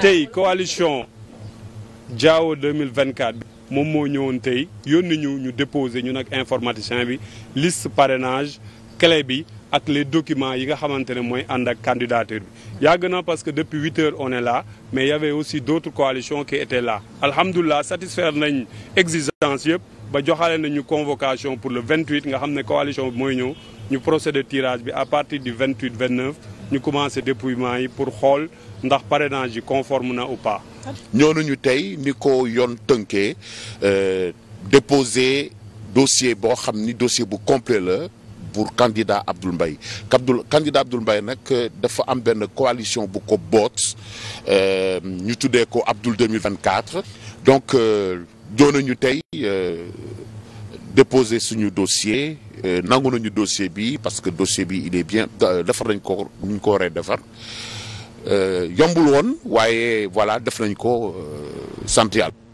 tey coalition Diao 2024 moom moo ñëwoon tey yónni ñu ñu déposé ñu nag informaticien bi liste parrainage clé bi ak les documents yi nga xamante ne mooy ànd ak candidature bi yàgg na parce que depuis huit heures on est là mais il y avait aussi d'autres coalitions qui étaient là alhamdulilah satisfaire nañ exigence yëpp ba joxaale nañu convocation pour le 28 nga xam ne coalition bi mooy ñëw ñu procéder tirage bi à partir du 28 29 ñu commencé dépouillement yi pour xool ndax parrainage yi conforme na ou pas. ñooñu ñu tey ni ko yoon tënkee euh, dépose dossier boo xam ni dossier bu complet la. pour candidat Abdoul Mbaye Abdoul candidat Abdoul mbay nag euh, dafa am benn coalition bu ko boot euh, ñu tuddee ko Abdoul 2024 donc doon nañu tey déposé suñu dossier euh, nangu nañu dossier bi parce que dossier bi il est bien defar nañ ko ñu ñu ko waree defar euh, yombul woon waaye voilà def nañ ko euh, sant yàlla